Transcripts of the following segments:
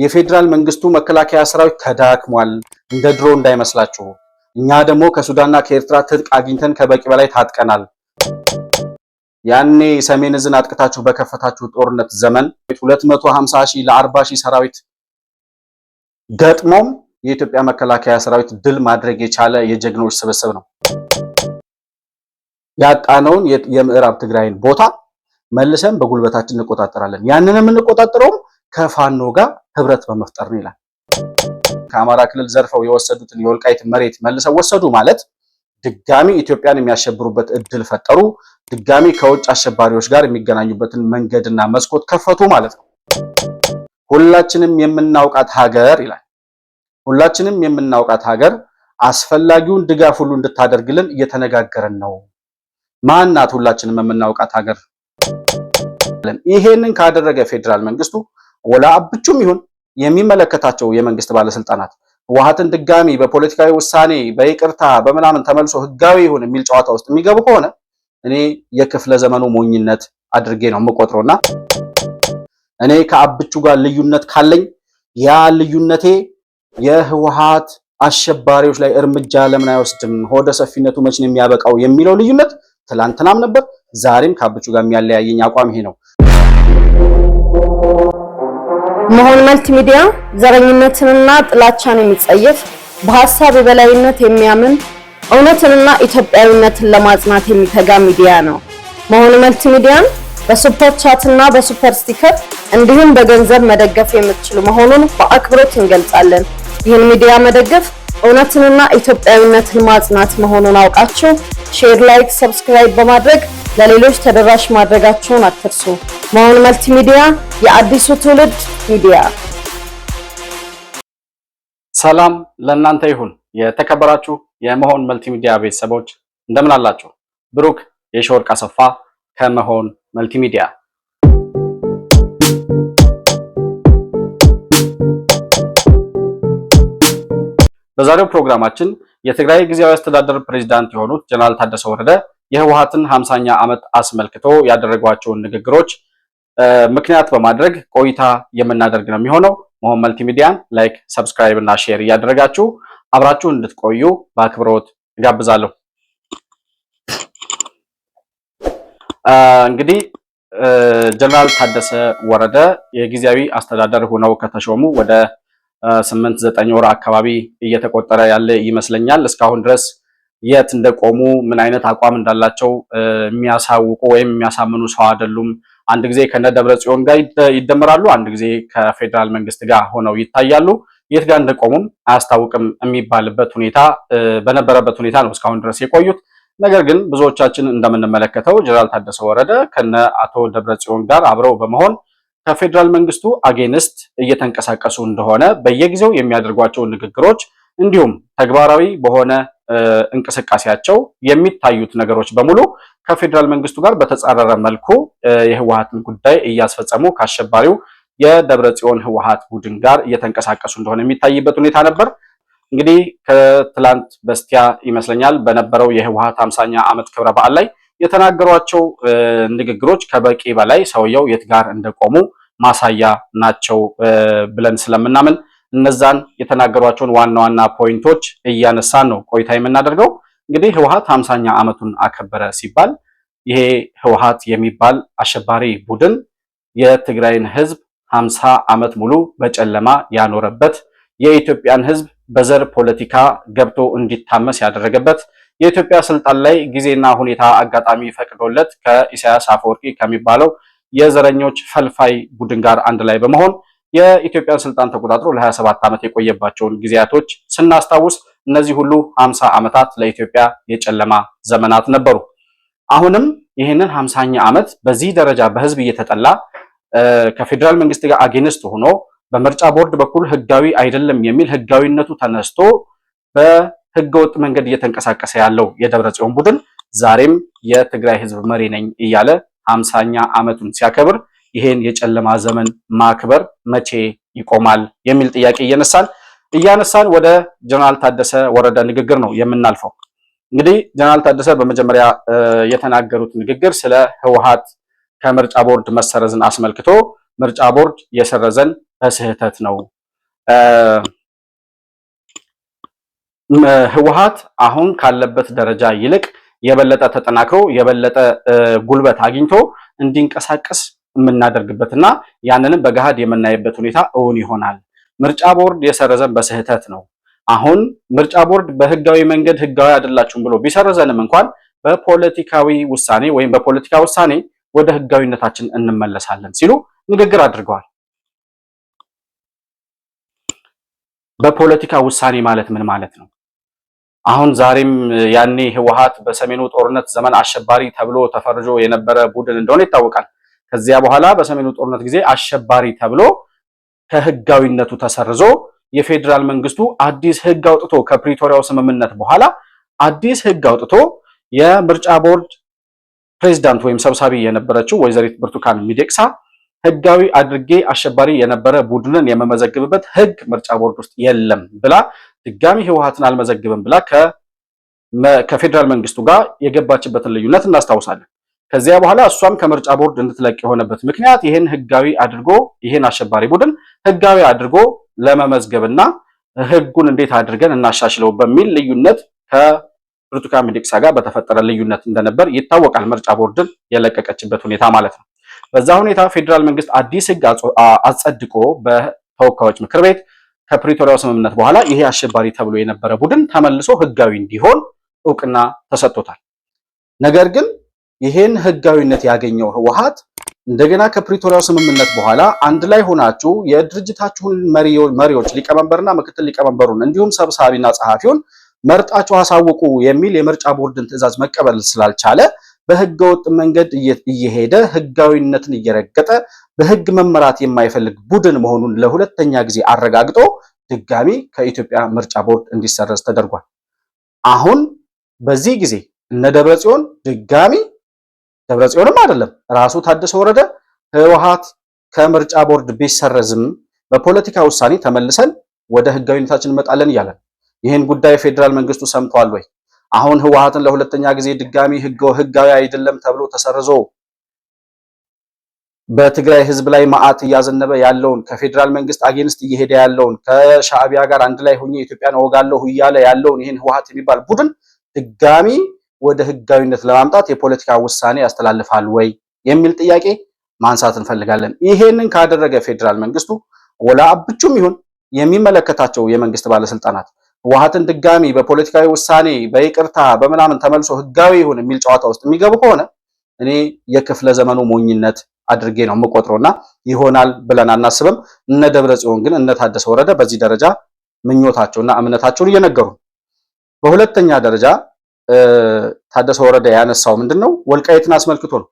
የፌዴራል መንግስቱ መከላከያ ሰራዊት ተዳክሟል፣ እንደ ድሮ እንዳይመስላችሁ። እኛ ደግሞ ከሱዳንና ከኤርትራ ትጥቅ አግኝተን ከበቂ በላይ ታጥቀናል። ያኔ ሰሜን እዝን አጥቅታችሁ በከፈታችሁ ጦርነት ዘመን 250 ሺህ ለ40 ሺህ ሰራዊት ገጥሞም የኢትዮጵያ መከላከያ ሰራዊት ድል ማድረግ የቻለ የጀግኖች ስብስብ ነው። ያጣነውን የምዕራብ ትግራይን ቦታ መልሰን በጉልበታችን እንቆጣጠራለን። ያንን የምንቆጣጠረውም ከፋኖ ጋር ህብረት በመፍጠር ነው ይላል። ከአማራ ክልል ዘርፈው የወሰዱትን የወልቃይትን መሬት መልሰው ወሰዱ ማለት ድጋሚ ኢትዮጵያን የሚያሸብሩበት እድል ፈጠሩ፣ ድጋሚ ከውጭ አሸባሪዎች ጋር የሚገናኙበትን መንገድና መስኮት ከፈቱ ማለት ነው። ሁላችንም የምናውቃት ሀገር ይላል። ሁላችንም የምናውቃት ሀገር አስፈላጊውን ድጋፍ ሁሉ እንድታደርግልን እየተነጋገረን ነው። ማናት? ሁላችንም የምናውቃት ሀገር። ይሄንን ካደረገ ፌዴራል መንግስቱ አብቹም ይሁን የሚመለከታቸው የመንግስት ባለስልጣናት ህወሓትን ድጋሚ በፖለቲካዊ ውሳኔ በይቅርታ በምናምን ተመልሶ ህጋዊ ይሁን የሚል ጨዋታ ውስጥ የሚገቡ ከሆነ እኔ የክፍለ ዘመኑ ሞኝነት አድርጌ ነው የምቆጥረውና እኔ ከአብቹ ጋር ልዩነት ካለኝ ያ ልዩነቴ የህወሓት አሸባሪዎች ላይ እርምጃ ለምን አይወስድም፣ ሆደ ሰፊነቱ መች ነው የሚያበቃው የሚለው ልዩነት ትላንትናም ነበር፣ ዛሬም ከአብቹ ጋር የሚያለያየኝ አቋም ይሄ ነው። መሆን መልቲ ሚዲያ ዘረኝነትንና ጥላቻን የሚጸየፍ በሀሳብ የበላይነት የሚያምን እውነትንና ኢትዮጵያዊነትን ለማጽናት የሚተጋ ሚዲያ ነው። መሆን መልቲ ሚዲያን በሱፐር ቻት እና በሱፐር ስቲከር እንዲሁም በገንዘብ መደገፍ የምትችሉ መሆኑን በአክብሮት እንገልጻለን። ይህን ሚዲያ መደገፍ እውነትንና ኢትዮጵያዊነትን ማጽናት መሆኑን አውቃችሁ ሼር፣ ላይክ፣ ሰብስክራይብ በማድረግ ለሌሎች ተደራሽ ማድረጋችሁን አትርሱ። መሆን መልቲሚዲያ የአዲሱ ትውልድ ሚዲያ። ሰላም ለእናንተ ይሁን። የተከበራችሁ የመሆን መልቲሚዲያ ቤተሰቦች እንደምን አላችሁ? ብሩክ የሺወርቅ አሰፋ ከመሆን መልቲሚዲያ በዛሬው ፕሮግራማችን የትግራይ ጊዜያዊ አስተዳደር ፕሬዚዳንት የሆኑት ጀነራል ታደሰ ወረደ የህወሓትን ሃምሳኛ ዓመት አስመልክቶ ያደረጓቸውን ንግግሮች ምክንያት በማድረግ ቆይታ የምናደርግ ነው የሚሆነው። መሆን መልቲሚዲያን ላይክ፣ ሰብስክራይብ እና ሼር እያደረጋችሁ አብራችሁ እንድትቆዩ በአክብሮት እጋብዛለሁ። እንግዲህ ጀነራል ታደሰ ወረደ የጊዜያዊ አስተዳደር ሆነው ከተሾሙ ወደ ስምንት ዘጠኝ ወር አካባቢ እየተቆጠረ ያለ ይመስለኛል። እስካሁን ድረስ የት እንደቆሙ ምን አይነት አቋም እንዳላቸው የሚያሳውቁ ወይም የሚያሳምኑ ሰው አይደሉም። አንድ ጊዜ ከነ ደብረ ጽዮን ጋር ይደመራሉ፣ አንድ ጊዜ ከፌዴራል መንግስት ጋር ሆነው ይታያሉ። የት ጋር እንደቆሙም አያስታውቅም የሚባልበት ሁኔታ በነበረበት ሁኔታ ነው እስካሁን ድረስ የቆዩት። ነገር ግን ብዙዎቻችን እንደምንመለከተው ጀነራል ታደሰ ወረደ ከነ አቶ ደብረ ጽዮን ጋር አብረው በመሆን ከፌዴራል መንግስቱ አጌንስት እየተንቀሳቀሱ እንደሆነ በየጊዜው የሚያደርጓቸው ንግግሮች እንዲሁም ተግባራዊ በሆነ እንቅስቃሴያቸው የሚታዩት ነገሮች በሙሉ ከፌዴራል መንግስቱ ጋር በተጻረረ መልኩ የህወሀትን ጉዳይ እያስፈጸሙ ከአሸባሪው የደብረ ጽዮን ህወሀት ቡድን ጋር እየተንቀሳቀሱ እንደሆነ የሚታይበት ሁኔታ ነበር። እንግዲህ ከትላንት በስቲያ ይመስለኛል በነበረው የህወሀት አምሳኛ ዓመት ክብረ በዓል ላይ የተናገሯቸው ንግግሮች ከበቂ በላይ ሰውየው የት ጋር እንደቆሙ ማሳያ ናቸው ብለን ስለምናምን እነዛን የተናገሯቸውን ዋና ዋና ፖይንቶች እያነሳን ነው ቆይታ የምናደርገው። እንግዲህ ህወሓት ሃምሳኛ ዓመቱን አከበረ ሲባል ይሄ ህወሓት የሚባል አሸባሪ ቡድን የትግራይን ህዝብ ሃምሳ ዓመት ሙሉ በጨለማ ያኖረበት የኢትዮጵያን ህዝብ በዘር ፖለቲካ ገብቶ እንዲታመስ ያደረገበት የኢትዮጵያ ስልጣን ላይ ጊዜና ሁኔታ አጋጣሚ ፈቅዶለት ከኢሳያስ አፈወርቂ ከሚባለው የዘረኞች ፈልፋይ ቡድን ጋር አንድ ላይ በመሆን የኢትዮጵያን ስልጣን ተቆጣጥሮ ለ27 ዓመት የቆየባቸውን ጊዜያቶች ስናስታውስ እነዚህ ሁሉ 50 ዓመታት ለኢትዮጵያ የጨለማ ዘመናት ነበሩ። አሁንም ይህንን 50ኛ ዓመት በዚህ ደረጃ በህዝብ እየተጠላ ከፌዴራል መንግስት ጋር አጌንስት ሆኖ በምርጫ ቦርድ በኩል ህጋዊ አይደለም የሚል ህጋዊነቱ ተነስቶ ህገወጥ መንገድ እየተንቀሳቀሰ ያለው የደብረ ጽዮን ቡድን ዛሬም የትግራይ ህዝብ መሪ ነኝ እያለ ሀምሳኛ ዓመቱን ሲያከብር ይሄን የጨለማ ዘመን ማክበር መቼ ይቆማል የሚል ጥያቄ እየነሳን እያነሳን ወደ ጀነራል ታደሰ ወረደ ንግግር ነው የምናልፈው። እንግዲህ ጀነራል ታደሰ በመጀመሪያ የተናገሩት ንግግር ስለ ህወሓት ከምርጫ ቦርድ መሰረዝን አስመልክቶ ምርጫ ቦርድ የሰረዘን በስህተት ነው ህወሓት አሁን ካለበት ደረጃ ይልቅ የበለጠ ተጠናክሮ የበለጠ ጉልበት አግኝቶ እንዲንቀሳቀስ የምናደርግበትና ያንንም በገሃድ የምናይበት ሁኔታ እውን ይሆናል። ምርጫ ቦርድ የሰረዘን በስህተት ነው። አሁን ምርጫ ቦርድ በህጋዊ መንገድ ህጋዊ አይደላችሁም ብሎ ቢሰረዘንም እንኳን በፖለቲካዊ ውሳኔ ወይም በፖለቲካ ውሳኔ ወደ ህጋዊነታችን እንመለሳለን ሲሉ ንግግር አድርገዋል። በፖለቲካ ውሳኔ ማለት ምን ማለት ነው? አሁን ዛሬም ያኔ ህወሓት በሰሜኑ ጦርነት ዘመን አሸባሪ ተብሎ ተፈርጆ የነበረ ቡድን እንደሆነ ይታወቃል። ከዚያ በኋላ በሰሜኑ ጦርነት ጊዜ አሸባሪ ተብሎ ከህጋዊነቱ ተሰርዞ የፌዴራል መንግስቱ አዲስ ህግ አውጥቶ ከፕሪቶሪያው ስምምነት በኋላ አዲስ ህግ አውጥቶ የምርጫ ቦርድ ፕሬዚዳንት ወይም ሰብሳቢ የነበረችው ወይዘሪት ብርቱካን ሚደቅሳ ህጋዊ አድርጌ አሸባሪ የነበረ ቡድንን የመመዘግብበት ህግ ምርጫ ቦርድ ውስጥ የለም ብላ ድጋሚ ህወሓትን አልመዘግብም ብላ ከፌዴራል መንግስቱ ጋር የገባችበትን ልዩነት እናስታውሳለን። ከዚያ በኋላ እሷም ከምርጫ ቦርድ እንድትለቅ የሆነበት ምክንያት ይህን ህጋዊ አድርጎ ይህን አሸባሪ ቡድን ህጋዊ አድርጎ ለመመዝገብና ህጉን እንዴት አድርገን እናሻሽለው በሚል ልዩነት ከብርቱካን ሚደቅሳ ጋር በተፈጠረ ልዩነት እንደነበር ይታወቃል። ምርጫ ቦርድን የለቀቀችበት ሁኔታ ማለት ነው። በዛ ሁኔታ ፌዴራል መንግስት አዲስ ህግ አጸድቆ በተወካዮች ምክር ቤት ከፕሪቶሪያው ስምምነት በኋላ ይሄ አሸባሪ ተብሎ የነበረ ቡድን ተመልሶ ህጋዊ እንዲሆን እውቅና ተሰጥቶታል። ነገር ግን ይሄን ህጋዊነት ያገኘው ህወሓት እንደገና ከፕሪቶሪያው ስምምነት በኋላ አንድ ላይ ሆናችሁ የድርጅታችሁን መሪዎች ሊቀመንበርና ምክትል ሊቀመንበሩን እንዲሁም ሰብሳቢና ጸሐፊውን መርጣችሁ አሳውቁ የሚል የምርጫ ቦርድን ትዕዛዝ መቀበል ስላልቻለ በህገወጥ መንገድ እየሄደ ህጋዊነትን እየረገጠ በህግ መመራት የማይፈልግ ቡድን መሆኑን ለሁለተኛ ጊዜ አረጋግጦ ድጋሚ ከኢትዮጵያ ምርጫ ቦርድ እንዲሰረዝ ተደርጓል። አሁን በዚህ ጊዜ እነ ደብረ ጽዮን ድጋሚ ደብረ ጽዮንም አይደለም ራሱ ታደሰ ወረደ ህወሓት ከምርጫ ቦርድ ቢሰረዝም በፖለቲካ ውሳኔ ተመልሰን ወደ ህጋዊነታችን እንመጣለን እያለን ይህን ጉዳይ ፌዴራል መንግስቱ ሰምተዋል ወይ? አሁን ህወሓትን ለሁለተኛ ጊዜ ድጋሚ ህጋዊ አይደለም ተብሎ ተሰርዞ በትግራይ ህዝብ ላይ መዓት እያዘነበ ያለውን ከፌዴራል መንግስት አጌንስት እየሄደ ያለውን ከሻዕቢያ ጋር አንድ ላይ ሆኜ ኢትዮጵያን እወጋለሁ እያለ ያለውን ይህን ህወሓት የሚባል ቡድን ድጋሚ ወደ ህጋዊነት ለማምጣት የፖለቲካ ውሳኔ ያስተላልፋል ወይ የሚል ጥያቄ ማንሳት እንፈልጋለን። ይሄንን ካደረገ ፌዴራል መንግስቱ ወላ አብቹም ይሁን የሚመለከታቸው የመንግስት ባለስልጣናት ህወሓትን ድጋሚ በፖለቲካዊ ውሳኔ በይቅርታ በምናምን ተመልሶ ህጋዊ ይሁን የሚል ጨዋታ ውስጥ የሚገቡ ከሆነ እኔ የክፍለ ዘመኑ ሞኝነት አድርጌ ነው የምቆጥረውና ይሆናል ብለን አናስብም። እነ ደብረ ጽዮን ግን እነ ታደሰ ወረደ በዚህ ደረጃ ምኞታቸውና እምነታቸውን እየነገሩ በሁለተኛ ደረጃ ታደሰ ወረደ ያነሳው ምንድን ነው? ወልቃይትን አስመልክቶ ነው።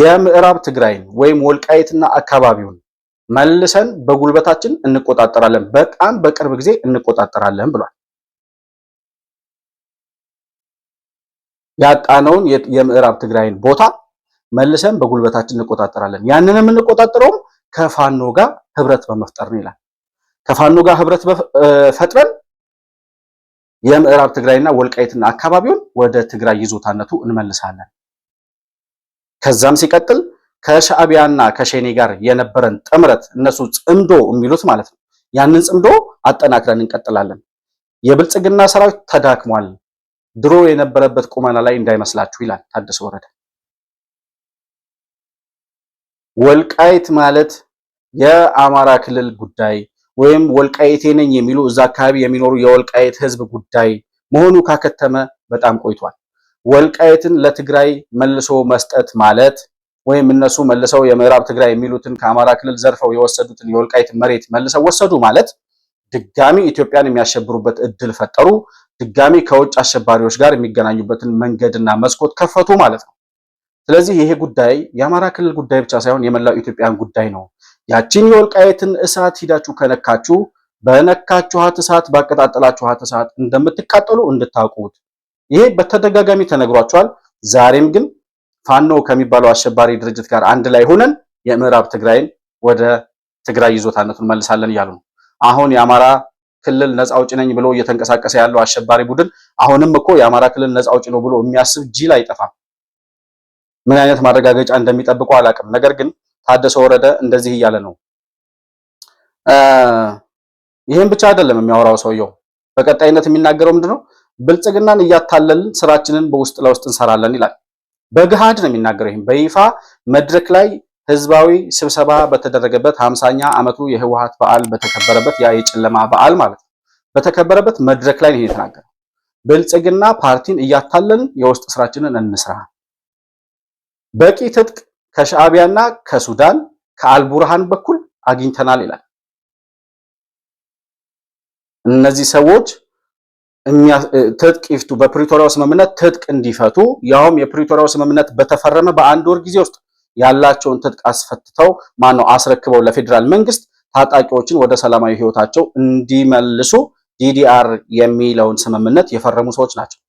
የምዕራብ ትግራይን ወይም ወልቃይትና አካባቢውን መልሰን በጉልበታችን እንቆጣጠራለን፣ በጣም በቅርብ ጊዜ እንቆጣጠራለን ብሏል። ያጣነውን የምዕራብ ትግራይን ቦታ መልሰን በጉልበታችን እንቆጣጠራለን። ያንን የምንቆጣጠረውም ከፋኖ ጋር ህብረት በመፍጠር ነው ይላል። ከፋኖ ጋር ህብረት ፈጥረን የምዕራብ ትግራይና ወልቃይትና አካባቢውን ወደ ትግራይ ይዞታነቱ እንመልሳለን። ከዛም ሲቀጥል ከሻዕቢያና ከሸኔ ጋር የነበረን ጥምረት እነሱ ጽምዶ የሚሉት ማለት ነው። ያንን ጽምዶ አጠናክረን እንቀጥላለን። የብልጽግና ሰራዊት ተዳክሟል፣ ድሮ የነበረበት ቁመና ላይ እንዳይመስላችሁ ይላል ታደሰ ወረደ። ወልቃይት ማለት የአማራ ክልል ጉዳይ ወይም ወልቃይቴ ነኝ የሚሉ እዛ አካባቢ የሚኖሩ የወልቃይት ህዝብ ጉዳይ መሆኑ ካከተመ በጣም ቆይቷል። ወልቃይትን ለትግራይ መልሶ መስጠት ማለት ወይም እነሱ መልሰው የምዕራብ ትግራይ የሚሉትን ከአማራ ክልል ዘርፈው የወሰዱትን የወልቃይት መሬት መልሰው ወሰዱ ማለት ድጋሚ ኢትዮጵያን የሚያሸብሩበት እድል ፈጠሩ፣ ድጋሚ ከውጭ አሸባሪዎች ጋር የሚገናኙበትን መንገድና መስኮት ከፈቱ ማለት ነው። ስለዚህ ይሄ ጉዳይ የአማራ ክልል ጉዳይ ብቻ ሳይሆን የመላው ኢትዮጵያን ጉዳይ ነው። ያቺን የወልቃይትን እሳት ሂዳችሁ ከነካችሁ በነካችኋት እሳት ባቀጣጠላችኋት እሳት እንደምትቃጠሉ እንድታውቁት ይሄ በተደጋጋሚ ተነግሯችኋል። ዛሬም ግን ፋኖ ከሚባለው አሸባሪ ድርጅት ጋር አንድ ላይ ሆነን የምዕራብ ትግራይን ወደ ትግራይ ይዞታነቱን መልሳለን እያሉ ነው። አሁን የአማራ ክልል ነፃ አውጭ ነኝ ብሎ እየተንቀሳቀሰ ያለው አሸባሪ ቡድን አሁንም እኮ የአማራ ክልል ነፃ አውጭ ነው ብሎ የሚያስብ ጅል አይጠፋም። ምን አይነት ማረጋገጫ እንደሚጠብቀው አላውቅም። ነገር ግን ታደሰ ወረደ እንደዚህ እያለ ነው። ይህም ብቻ አይደለም የሚያወራው ሰውየው። በቀጣይነት የሚናገረው ምንድነው? ብልጽግናን እያታለልን ስራችንን በውስጥ ለውስጥ እንሰራለን ይላል። በገሃድ ነው የሚናገረው። ይህም በይፋ መድረክ ላይ ህዝባዊ ስብሰባ በተደረገበት ሀምሳኛ ዓመቱ የህወሀት በዓል በተከበረበት ያ የጨለማ በዓል ማለት ነው በተከበረበት መድረክ ላይ ነው የተናገረው። ብልጽግና ፓርቲን እያታለን የውስጥ ስራችንን እንስራ፣ በቂ ትጥቅ ከሻዕቢያና ከሱዳን ከአልቡርሃን በኩል አግኝተናል ይላል። እነዚህ ሰዎች ትጥቅ ይፍቱ፣ በፕሪቶሪያው ስምምነት ትጥቅ እንዲፈቱ ያውም የፕሪቶሪያው ስምምነት በተፈረመ በአንድ ወር ጊዜ ውስጥ ያላቸውን ትጥቅ አስፈትተው ማነው አስረክበው ለፌዴራል መንግስት ታጣቂዎችን ወደ ሰላማዊ ህይወታቸው እንዲመልሱ ዲዲአር የሚለውን ስምምነት የፈረሙ ሰዎች ናቸው።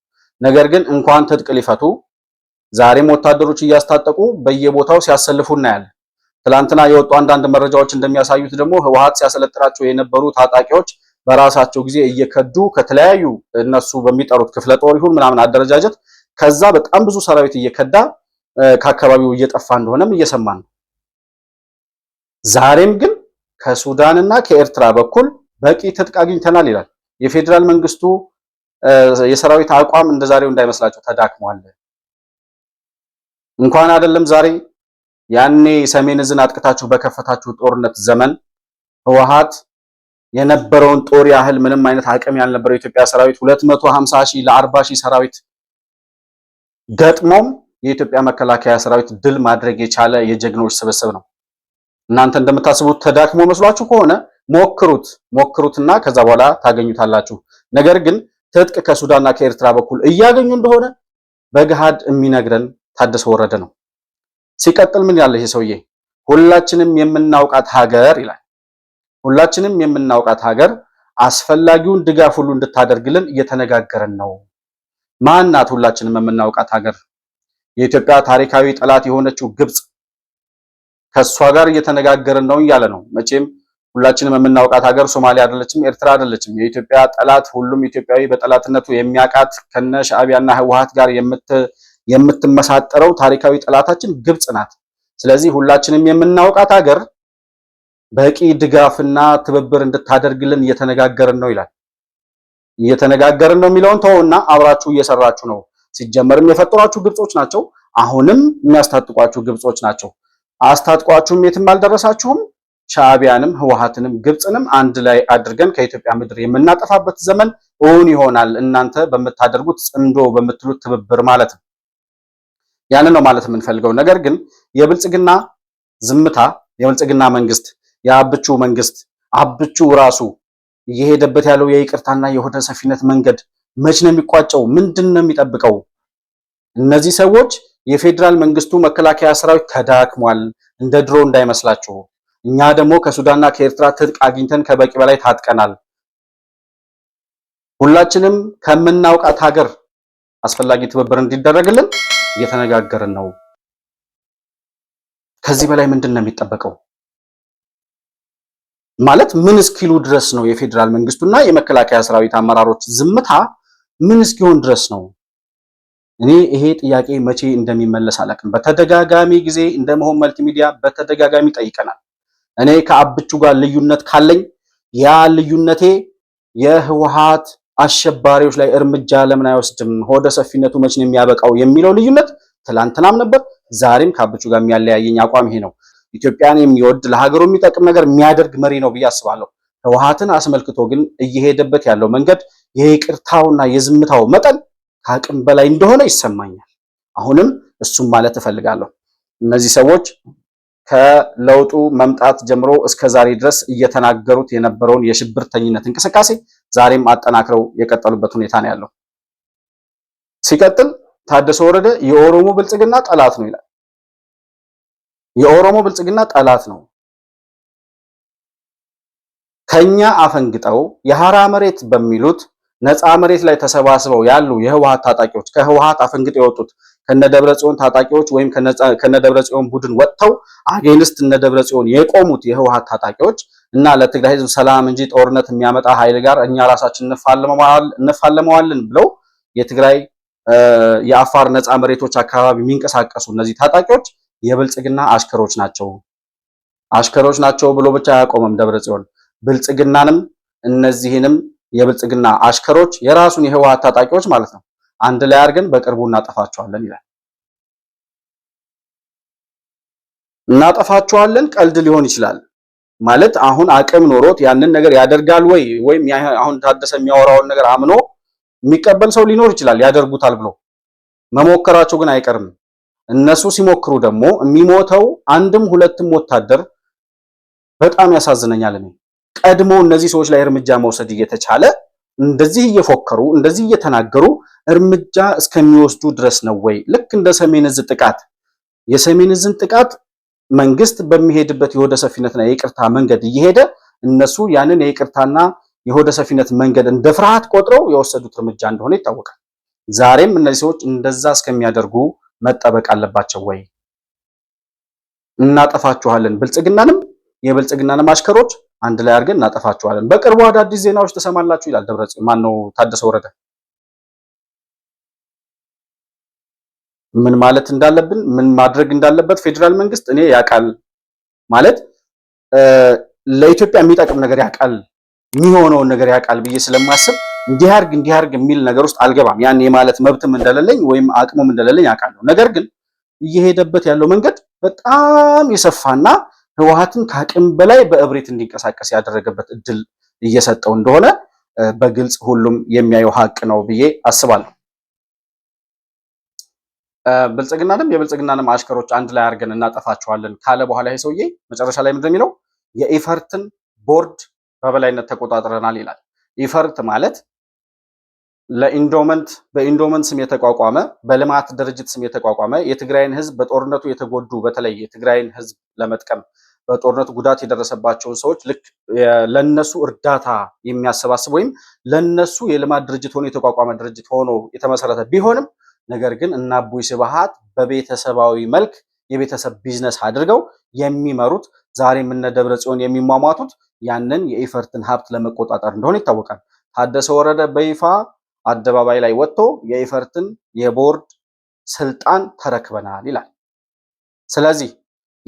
ነገር ግን እንኳን ትጥቅ ሊፈቱ ዛሬም ወታደሮች እያስታጠቁ በየቦታው ሲያሰልፉ እናያለን። ትላንትና የወጡ አንዳንድ መረጃዎች እንደሚያሳዩት ደግሞ ህወሓት ሲያሰለጥራቸው የነበሩ ታጣቂዎች በራሳቸው ጊዜ እየከዱ ከተለያዩ እነሱ በሚጠሩት ክፍለ ጦር ይሁን ምናምን አደረጃጀት ከዛ በጣም ብዙ ሰራዊት እየከዳ ከአካባቢው እየጠፋ እንደሆነም እየሰማን ነው። ዛሬም ግን ከሱዳንና ከኤርትራ በኩል በቂ ትጥቅ አግኝተናል ይላል የፌዴራል መንግስቱ። የሰራዊት አቋም እንደዛሬው እንዳይመስላቸው ተዳክሟል። እንኳን አይደለም ዛሬ ያኔ ሰሜን እዝን አጥቅታችሁ በከፈታችሁ ጦርነት ዘመን ህወሓት የነበረውን ጦር ያህል ምንም አይነት አቅም ያልነበረው የኢትዮጵያ ሰራዊት 250 ሺህ ለ40 ሺህ ሰራዊት ገጥሞም የኢትዮጵያ መከላከያ ሰራዊት ድል ማድረግ የቻለ የጀግኖች ስብስብ ነው። እናንተ እንደምታስቡት ተዳክሞ መስሏችሁ ከሆነ ሞክሩት ሞክሩትና ከዛ በኋላ ታገኙታላችሁ። ነገር ግን ትጥቅ ከሱዳንና ከኤርትራ በኩል እያገኙ እንደሆነ በገሃድ የሚነግረን ታደሰ ወረደ ነው። ሲቀጥል ምን ያለ ይሄ ሰውዬ ሁላችንም የምናውቃት ሀገር ይላል። ሁላችንም የምናውቃት ሀገር አስፈላጊውን ድጋፍ ሁሉ እንድታደርግልን እየተነጋገረን ነው። ማናት? ሁላችንም የምናውቃት ሀገር የኢትዮጵያ ታሪካዊ ጠላት የሆነችው ግብጽ ከእሷ ጋር እየተነጋገረን ነው እያለ ነው። መቼም ሁላችንም የምናውቃት ሀገር ሶማሊያ አይደለችም፣ ኤርትራ አይደለችም። የኢትዮጵያ ጠላት ሁሉም ኢትዮጵያዊ በጠላትነቱ የሚያውቃት ከነ ሻዕቢያና ህወሓት ጋር የምትመሳጠረው ታሪካዊ ጠላታችን ግብጽ ናት። ስለዚህ ሁላችንም የምናውቃት ሀገር በቂ ድጋፍና ትብብር እንድታደርግልን እየተነጋገርን ነው ይላል። እየተነጋገርን ነው የሚለውን ተውና አብራችሁ እየሰራችሁ ነው። ሲጀመርም የፈጠሯችሁ ግብጾች ናቸው። አሁንም የሚያስታጥቋችሁ ግብጾች ናቸው። አስታጥቋችሁም የትም አልደረሳችሁም። ሻዕቢያንም ህወሓትንም ግብጽንም አንድ ላይ አድርገን ከኢትዮጵያ ምድር የምናጠፋበት ዘመን እውን ይሆናል እናንተ በምታደርጉት ጽንዶ በምትሉት ትብብር ማለት ነው። ያንን ነው ማለት የምንፈልገው። ነገር ግን የብልጽግና ዝምታ የብልጽግና መንግስት የአብቹ መንግስት አብቹ ራሱ እየሄደበት ያለው የይቅርታና የሆደ ሰፊነት መንገድ መች ነው የሚቋጨው? ምንድን ነው የሚጠብቀው? እነዚህ ሰዎች የፌዴራል መንግስቱ መከላከያ ሰራዊት ተዳክሟል፣ እንደ ድሮ እንዳይመስላችሁ። እኛ ደግሞ ከሱዳንና ከኤርትራ ትጥቅ አግኝተን ከበቂ በላይ ታጥቀናል። ሁላችንም ከምናውቃት ሀገር አስፈላጊ ትብብር እንዲደረግልን እየተነጋገርን ነው። ከዚህ በላይ ምንድን ነው የሚጠበቀው? ማለት ምን እስኪሉ ድረስ ነው የፌዴራል መንግስቱና የመከላከያ ሰራዊት አመራሮች ዝምታ ምን እስኪሆን ድረስ ነው? እኔ ይሄ ጥያቄ መቼ እንደሚመለስ አላውቅም። በተደጋጋሚ ጊዜ እንደመሆን መልቲሚዲያ በተደጋጋሚ ጠይቀናል። እኔ ከአብቹ ጋር ልዩነት ካለኝ ያ ልዩነቴ የህወሓት አሸባሪዎች ላይ እርምጃ ለምን አይወስድም፣ ሆደ ሰፊነቱ መቼ ነው የሚያበቃው የሚለው ልዩነት ትላንትናም ነበር፣ ዛሬም ከአብቹ ጋር የሚያለያየኝ አቋም ይሄ ነው። ኢትዮጵያን የሚወድ ለሀገሩ የሚጠቅም ነገር የሚያደርግ መሪ ነው ብዬ አስባለሁ። ህወሓትን አስመልክቶ ግን እየሄደበት ያለው መንገድ የይቅርታውና የዝምታው መጠን ከአቅም በላይ እንደሆነ ይሰማኛል። አሁንም እሱም ማለት እፈልጋለሁ። እነዚህ ሰዎች ከለውጡ መምጣት ጀምሮ እስከ ዛሬ ድረስ እየተናገሩት የነበረውን የሽብርተኝነት እንቅስቃሴ ዛሬም አጠናክረው የቀጠሉበት ሁኔታ ነው ያለው። ሲቀጥል ታደሰ ወረደ የኦሮሞ ብልጽግና ጠላት ነው ይላል። የኦሮሞ ብልጽግና ጠላት ነው። ከኛ አፈንግጠው የሀራ መሬት በሚሉት ነፃ መሬት ላይ ተሰባስበው ያሉ የህወሀት ታጣቂዎች ከህወሀት አፈንግጠው የወጡት ከነደብረጽዮን ታጣቂዎች ወይም ከነደብረጽዮን ቡድን ወጥተው አጌንስት እነደብረጽዮን የቆሙት የህወሀት ታጣቂዎች እና ለትግራይ ህዝብ ሰላም እንጂ ጦርነት የሚያመጣ ኃይል ጋር እኛ ራሳችን እንፋለመዋለን ብለው የትግራይ የአፋር ነፃ መሬቶች አካባቢ የሚንቀሳቀሱ እነዚህ ታጣቂዎች የብልጽግና አሽከሮች ናቸው አሽከሮች ናቸው ብሎ ብቻ አያቆምም ደብረ ጽዮን። ብልጽግናንም እነዚህንም የብልጽግና አሽከሮች የራሱን የህወሓት ታጣቂዎች ማለት ነው አንድ ላይ አድርገን በቅርቡ እናጠፋቸዋለን ይላል። እናጠፋቸዋለን ቀልድ ሊሆን ይችላል ማለት አሁን አቅም ኖሮት ያንን ነገር ያደርጋል ወይ ወይም አሁን ታደሰ የሚያወራውን ነገር አምኖ የሚቀበል ሰው ሊኖር ይችላል ያደርጉታል ብሎ መሞከራቸው ግን አይቀርም። እነሱ ሲሞክሩ ደግሞ የሚሞተው አንድም ሁለትም ወታደር በጣም ያሳዝነኛል። እኔ ቀድሞ እነዚህ ሰዎች ላይ እርምጃ መውሰድ እየተቻለ እንደዚህ እየፎከሩ እንደዚህ እየተናገሩ እርምጃ እስከሚወስዱ ድረስ ነው ወይ? ልክ እንደ ሰሜን እዝ ጥቃት የሰሜን እዝን ጥቃት መንግስት በሚሄድበት የሆደ ሰፊነትና የይቅርታ መንገድ እየሄደ እነሱ ያንን የይቅርታና የሆደ ሰፊነት መንገድ እንደ ፍርሃት ቆጥረው የወሰዱት እርምጃ እንደሆነ ይታወቃል። ዛሬም እነዚህ ሰዎች እንደዛ እስከሚያደርጉ መጠበቅ አለባቸው ወይ? እናጠፋችኋለን፣ ብልጽግናንም የብልጽግናንም አሽከሮች አንድ ላይ አድርገን እናጠፋችኋለን። በቅርቡ አዳዲስ ዜናዎች ተሰማላችሁ ይላል ጽዮን። ማን ነው ታደሰ ወረደ። ምን ማለት እንዳለብን ምን ማድረግ እንዳለበት ፌዴራል መንግስት እኔ ያውቃል ማለት ለኢትዮጵያ የሚጠቅም ነገር ያውቃል የሚሆነውን ነገር ያውቃል ብዬ ስለማስብ እንዲያርግ እንዲያርግ የሚል ነገር ውስጥ አልገባም። ያን የማለት መብትም እንደሌለኝ ወይም አቅሙም እንደሌለኝ አውቃለሁ። ነገር ግን እየሄደበት ያለው መንገድ በጣም የሰፋና ህወሓትን ከአቅም በላይ በእብሪት እንዲንቀሳቀስ ያደረገበት እድል እየሰጠው እንደሆነ በግልጽ ሁሉም የሚያየው ሀቅ ነው ብዬ አስባለሁ። ብልጽግናንም የብልጽግናንም አሽከሮች አንድ ላይ አድርገን እናጠፋቸዋለን ካለ በኋላ ይሄ ሰውዬ መጨረሻ ላይ ምንድን የሚለው የኢፈርትን ቦርድ በበላይነት ተቆጣጥረናል ይላል። ኢፈርት ማለት ለኢንዶመንት በኢንዶመንት ስም የተቋቋመ በልማት ድርጅት ስም የተቋቋመ የትግራይን ህዝብ በጦርነቱ የተጎዱ በተለይ የትግራይን ህዝብ ለመጥቀም በጦርነቱ ጉዳት የደረሰባቸውን ሰዎች ልክ ለነሱ እርዳታ የሚያሰባስብ ወይም ለነሱ የልማት ድርጅት ሆኖ የተቋቋመ ድርጅት ሆኖ የተመሰረተ ቢሆንም ነገር ግን እነ አቦይ ስብሃት በቤተሰባዊ መልክ የቤተሰብ ቢዝነስ አድርገው የሚመሩት ዛሬም እነ ደብረ ጽዮን የሚሟሟቱት ያንን የኢፈርትን ሀብት ለመቆጣጠር እንደሆነ ይታወቃል። ታደሰ ወረደ በይፋ አደባባይ ላይ ወጥቶ የኢፈርትን የቦርድ ስልጣን ተረክበናል ይላል። ስለዚህ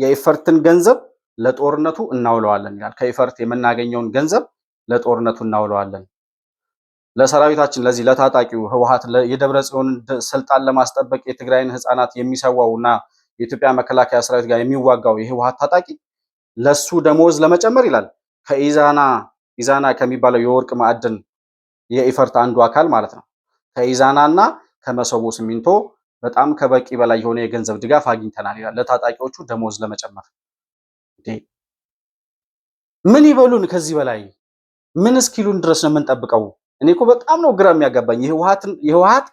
የኢፈርትን ገንዘብ ለጦርነቱ እናውለዋለን ይላል። ከኢፈርት የምናገኘውን ገንዘብ ለጦርነቱ እናውለዋለን። ለሰራዊታችን ለዚህ ለታጣቂው ህወሓት የደብረ ስልጣን ለማስጠበቅ የትግራይን ህፃናት የሚሰዋው እና የኢትዮጵያ መከላከያ ሰራዊት ጋር የሚዋጋው የህወሓት ታጣቂ ለሱ ደሞዝ ለመጨመር ይላል ከኢዛና ኢዛና ከሚባለው የወርቅ ማዕድን የኢፈርት አንዱ አካል ማለት ነው። ከኢዛናና ከመሰቦ ሲሚንቶ በጣም ከበቂ በላይ የሆነ የገንዘብ ድጋፍ አግኝተናል ይላል። ለታጣቂዎቹ ደሞዝ ለመጨመር ምን ይበሉን? ከዚህ በላይ ምን እስኪሉን ድረስ ነው የምንጠብቀው? እኔ እኮ በጣም ነው ግራ የሚያጋባኝ የህወሀት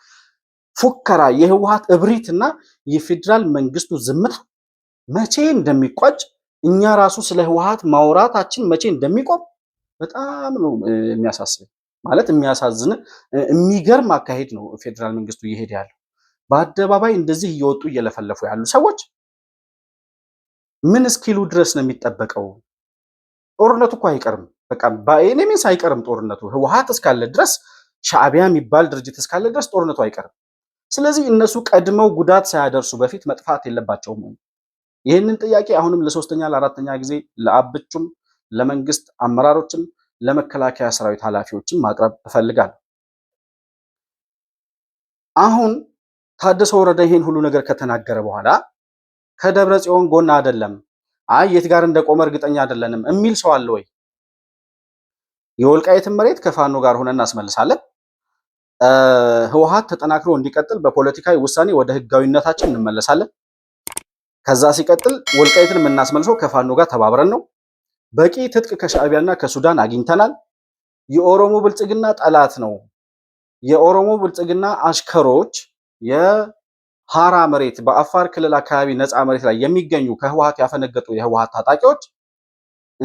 ፉከራ፣ የህወሀት እብሪት እና የፌዴራል መንግስቱ ዝምታ መቼ እንደሚቋጭ እኛ ራሱ ስለ ህወሀት ማውራታችን መቼ እንደሚቆም በጣም ነው የሚያሳስበኝ። ማለት የሚያሳዝን የሚገርም አካሄድ ነው ፌዴራል መንግስቱ እየሄደ ያለው። በአደባባይ እንደዚህ እየወጡ እየለፈለፉ ያሉ ሰዎች ምን እስኪሉ ድረስ ነው የሚጠበቀው? ጦርነቱ እኮ አይቀርም፣ በቃ በኤኔሚስ አይቀርም ጦርነቱ። ህወሀት እስካለ ድረስ ሻዕቢያ የሚባል ድርጅት እስካለ ድረስ ጦርነቱ አይቀርም። ስለዚህ እነሱ ቀድመው ጉዳት ሳያደርሱ በፊት መጥፋት የለባቸውም። ይህንን ጥያቄ አሁንም ለሶስተኛ ለአራተኛ ጊዜ ለአብቹም ለመንግስት አመራሮችም ለመከላከያ ሰራዊት ኃላፊዎችን ማቅረብ እፈልጋለሁ። አሁን ታደሰ ወረደ ይሄን ሁሉ ነገር ከተናገረ በኋላ ከደብረ ጽዮን ጎን አይደለም፣ አይ የት ጋር እንደቆመ እርግጠኛ አይደለንም የሚል ሰው አለ ወይ? የወልቃይትን መሬት ከፋኖ ጋር ሆነን እናስመልሳለን፣ ህወሓት ተጠናክሮ እንዲቀጥል በፖለቲካዊ ውሳኔ ወደ ህጋዊነታችን እንመለሳለን። ከዛ ሲቀጥል ወልቃይትን የምናስመልሰው ከፋኖ ጋር ተባብረን ነው። በቂ ትጥቅ ከሻዕቢያና ከሱዳን አግኝተናል። የኦሮሞ ብልጽግና ጠላት ነው። የኦሮሞ ብልጽግና አሽከሮች የሀራ መሬት በአፋር ክልል አካባቢ ነፃ መሬት ላይ የሚገኙ ከህወሀት ያፈነገጡ የህወሀት ታጣቂዎች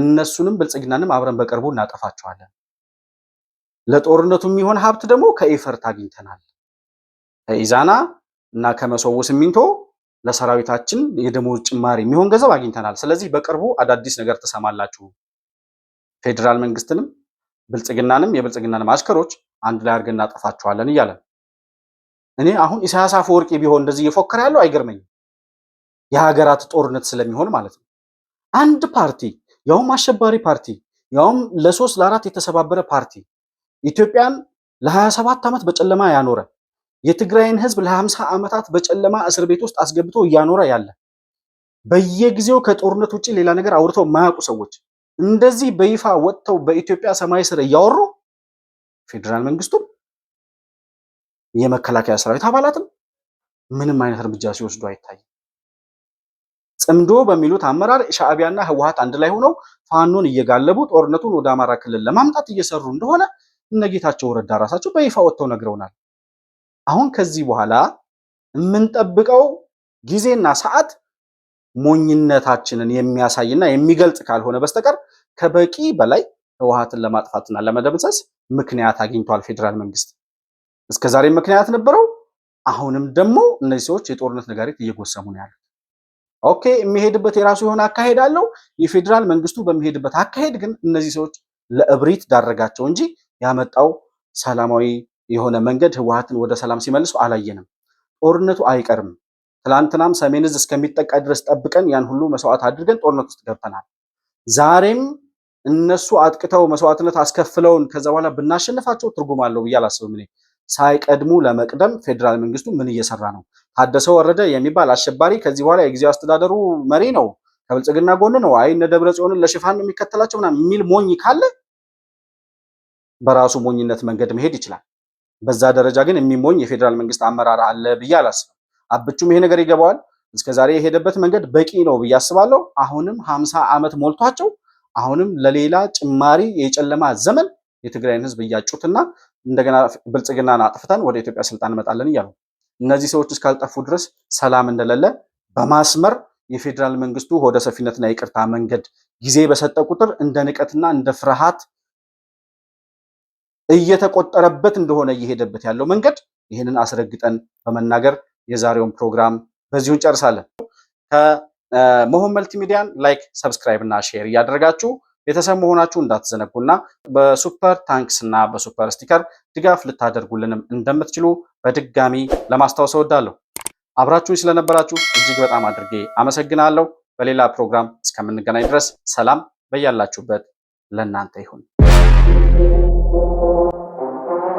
እነሱንም ብልጽግናንም አብረን በቅርቡ እናጠፋቸዋለን። ለጦርነቱ የሚሆን ሀብት ደግሞ ከኤፈርት አግኝተናል። ከኢዛና እና ከመሶቦ ሲሚንቶ ለሰራዊታችን የደሞዝ ጭማሪ የሚሆን ገንዘብ አግኝተናል። ስለዚህ በቅርቡ አዳዲስ ነገር ትሰማላችሁ። ፌዴራል መንግስትንም ብልጽግናንም የብልጽግናንም አሽከሮች አንድ ላይ አድርገን እናጠፋችኋለን እያለ እኔ አሁን ኢሳያስ አፈወርቂ ቢሆን እንደዚህ እየፎከረ ያለው አይገርመኝም። የሀገራት ጦርነት ስለሚሆን ማለት ነው። አንድ ፓርቲ ያውም አሸባሪ ፓርቲ ያውም ለሶስት ለአራት የተሰባበረ ፓርቲ ኢትዮጵያን ለ27 ዓመት በጨለማ ያኖረ የትግራይን ህዝብ ለሀምሳ ዓመታት በጨለማ እስር ቤት ውስጥ አስገብቶ እያኖረ ያለ በየጊዜው ከጦርነት ውጭ ሌላ ነገር አውርተው የማያውቁ ሰዎች እንደዚህ በይፋ ወጥተው በኢትዮጵያ ሰማይ ስር እያወሩ ፌዴራል መንግስቱም የመከላከያ ሰራዊት አባላትም ምንም አይነት እርምጃ ሲወስዱ አይታይም። ጽምዶ በሚሉት አመራር ሻዕቢያና ህወሀት አንድ ላይ ሆነው ፋኖን እየጋለቡ ጦርነቱን ወደ አማራ ክልል ለማምጣት እየሰሩ እንደሆነ እነጌታቸው ረዳ ራሳቸው በይፋ ወጥተው ነግረውናል። አሁን ከዚህ በኋላ የምንጠብቀው ጊዜና ሰዓት ሞኝነታችንን የሚያሳይና የሚገልጽ ካልሆነ በስተቀር ከበቂ በላይ ህወሓትን ለማጥፋትና ለመደምሰስ ምክንያት አግኝቷል ፌዴራል መንግስት። እስከዛሬ ምክንያት ነበረው። አሁንም ደግሞ እነዚህ ሰዎች የጦርነት ነጋሪት እየጎሰሙ ነው ያሉት። ኦኬ የሚሄድበት የራሱ የሆነ አካሄድ አለው። የፌዴራል መንግስቱ በሚሄድበት አካሄድ ግን እነዚህ ሰዎች ለእብሪት ዳረጋቸው እንጂ ያመጣው ሰላማዊ የሆነ መንገድ ህወሓትን ወደ ሰላም ሲመልሱ አላየንም። ጦርነቱ አይቀርም። ትላንትናም ሰሜን እስከሚጠቃ ድረስ ጠብቀን ያን ሁሉ መስዋዕት አድርገን ጦርነት ውስጥ ገብተናል። ዛሬም እነሱ አጥቅተው መስዋዕትነት አስከፍለውን ከዛ በኋላ ብናሸንፋቸው ትርጉም አለው ብዬ አላስብም። እኔ ሳይቀድሙ ለመቅደም ፌዴራል መንግስቱ ምን እየሰራ ነው? ታደሰ ወረደ የሚባል አሸባሪ ከዚህ በኋላ የጊዜው አስተዳደሩ መሪ ነው፣ ከብልጽግና ጎን ነው፣ አይ እነ ደብረ ጽዮንን ለሽፋን ነው የሚከተላቸው ምናምን የሚል ሞኝ ካለ በራሱ ሞኝነት መንገድ መሄድ ይችላል። በዛ ደረጃ ግን የሚሞኝ የፌዴራል መንግስት አመራር አለ ብዬ አላስብም። አብቹም ይሄ ነገር ይገባዋል። እስከዛሬ የሄደበት መንገድ በቂ ነው ብዬ አስባለሁ። አሁንም ሀምሳ ዓመት ሞልቷቸው አሁንም ለሌላ ጭማሪ የጨለማ ዘመን የትግራይን ህዝብ እያጩትና እንደገና ብልጽግናን አጥፍተን ወደ ኢትዮጵያ ስልጣን እንመጣለን እያሉ እነዚህ ሰዎች እስካልጠፉ ድረስ ሰላም እንደሌለ በማስመር የፌዴራል መንግስቱ ሆደ ሰፊነትና ይቅርታ መንገድ ጊዜ በሰጠ ቁጥር እንደ ንቀትና እንደ ፍርሃት እየተቆጠረበት እንደሆነ እየሄደበት ያለው መንገድ ይህንን አስረግጠን በመናገር የዛሬውን ፕሮግራም በዚሁ እንጨርሳለን። ከመሆን መልቲሚዲያን ላይክ፣ ሰብስክራይብ እና ሼር እያደረጋችሁ ቤተሰብ መሆናችሁ እንዳትዘነጉና በሱፐር ታንክስ እና በሱፐር ስቲከር ድጋፍ ልታደርጉልንም እንደምትችሉ በድጋሚ ለማስታወስ እወዳለሁ። አብራችሁኝ ስለነበራችሁ እጅግ በጣም አድርጌ አመሰግናለሁ። በሌላ ፕሮግራም እስከምንገናኝ ድረስ ሰላም በያላችሁበት ለእናንተ ይሁን።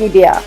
media.